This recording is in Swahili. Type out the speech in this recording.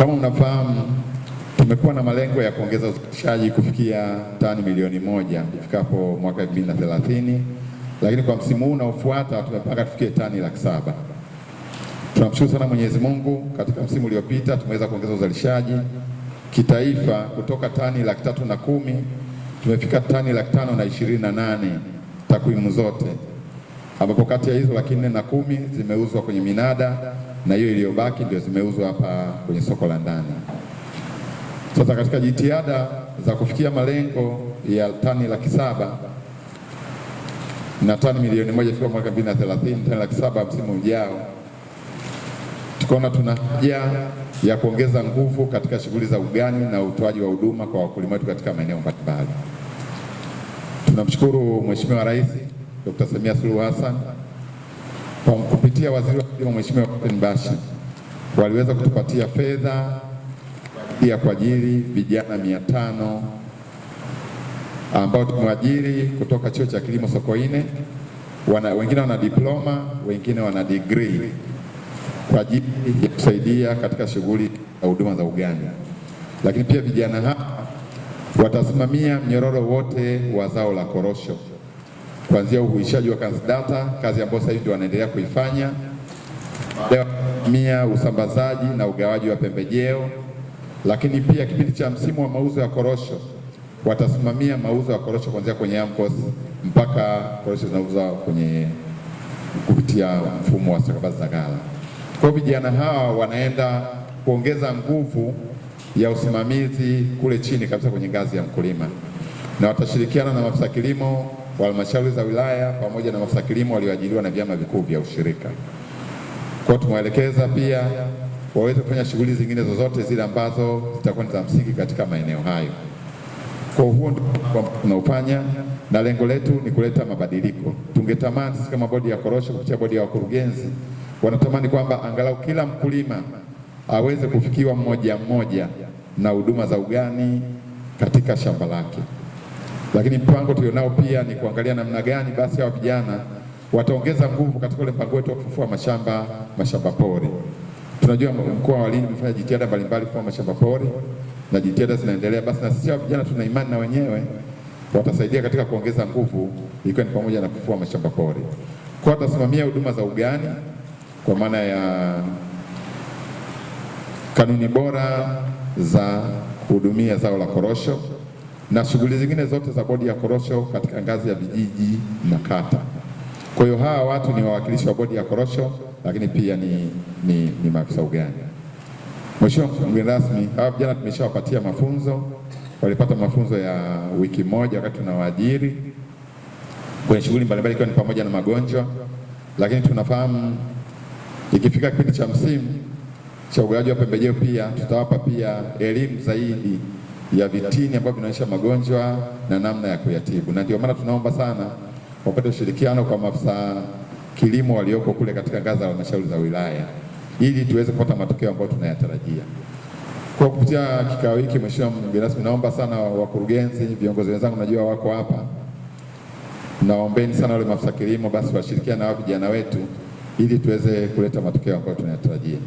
Kama mnafahamu, tumekuwa na malengo ya kuongeza uzalishaji kufikia tani milioni moja ifikapo mwaka 2030, lakini kwa msimu huu unaofuata tunapanga tufikie tani laki saba. Tunamshukuru sana Mwenyezi Mungu, katika msimu uliopita tumeweza kuongeza uzalishaji kitaifa kutoka tani laki tatu na kumi tumefika tani laki tano na ishirini na nane takwimu zote, ambapo kati ya hizo laki nne na kumi zimeuzwa kwenye minada na hiyo iliyobaki ndio zimeuzwa hapa kwenye soko la ndani. Sasa katika jitihada za kufikia malengo ya tani laki saba na tani milioni moja ifika mwaka 2030, tani laki saba msimu ujao, tukaona tuna haja ya kuongeza nguvu katika shughuli za ugani na utoaji wa huduma kwa wakulima wetu katika maeneo mbalimbali. Tunamshukuru Mheshimiwa Rais Dr. Samia Suluhu Hassan kwa kupitia waziri wa kilimo Mheshimiwa Captain Bashe waliweza kutupatia fedha ya kuajiri vijana mia tano ambao tumewajiri kutoka chuo cha kilimo Sokoine. Wana, wengine wana diploma, wengine wana degree kwa ajili ya kusaidia katika shughuli za huduma za uganda lakini pia vijana hawa watasimamia mnyororo wote wa zao la korosho kuanzia uhuishaji wa kazi data, kazi ambayo sasa hivi wanaendelea kuifanya mia usambazaji na ugawaji wa pembejeo, lakini pia kipindi cha msimu wa mauzo ya korosho watasimamia mauzo ya korosho kuanzia kwenye AMCOS mpaka korosho zinauzwa kwenye kupitia mfumo wa stakabadhi za ghala. Kwa vijana hawa wanaenda kuongeza nguvu ya usimamizi kule chini kabisa kwenye ngazi ya mkulima, na watashirikiana na maafisa kilimo wa halmashauri za wilaya pamoja na maafisa kilimo walioajiriwa na vyama vikuu vya ushirika. Kwa tumewaelekeza pia waweze kufanya shughuli zingine zozote zile ambazo zitakuwa ni za msingi katika maeneo hayo. Kwa huo ndio tunaofanya na lengo letu ni kuleta mabadiliko. Tungetamani sisi kama bodi ya korosho kupitia bodi ya wakurugenzi wanatamani kwamba angalau kila mkulima aweze kufikiwa mmoja mmoja na huduma za ugani katika shamba lake. Lakini mpango tulionao pia ni kuangalia namna gani basi hawa vijana wataongeza nguvu katika ule mpango wetu wa kufufua mashamba mashamba pori. Tunajua mkoa wa Lindi umefanya jitihada mbalimbali kufufua mashamba pori na jitihada zinaendelea, basi na sisi hawa vijana tuna imani na wenyewe watasaidia katika kuongeza nguvu, ikiwa ni pamoja na kufufua mashamba pori. Kwa watasimamia huduma za ugani kwa maana ya kanuni bora za kuhudumia zao la korosho na shughuli zingine zote za bodi ya korosho katika ngazi ya vijiji na kata. Kwa hiyo hawa watu ni wawakilishi wa bodi ya korosho, lakini pia ni, ni, ni maafisa ugani. Mheshimiwa mgeni rasmi, hawa vijana tumeshawapatia mafunzo, walipata mafunzo ya wiki moja wakati tunawaajiri kwenye shughuli mbalimbali, ikiwa ni pamoja na magonjwa, lakini tunafahamu ikifika kipindi cha msimu cha ugawaji wa pembejeo pia tutawapa pia elimu zaidi ya vitini ambavyo vinaonyesha magonjwa na namna ya kuyatibu, na ndio maana tunaomba sana wapate ushirikiano kwa maafisa kilimo walioko kule katika ngazi za halmashauri za wilaya ili tuweze kupata matokeo ambayo tunayatarajia. Kwa kupitia kikao hiki, Mheshimiwa mgeni rasmi, naomba sana wakurugenzi, viongozi wenzangu, najua wako hapa, naombeni sana wale maafisa kilimo basi washirikiane na wao vijana wetu ili tuweze kuleta matokeo ambayo tunayatarajia.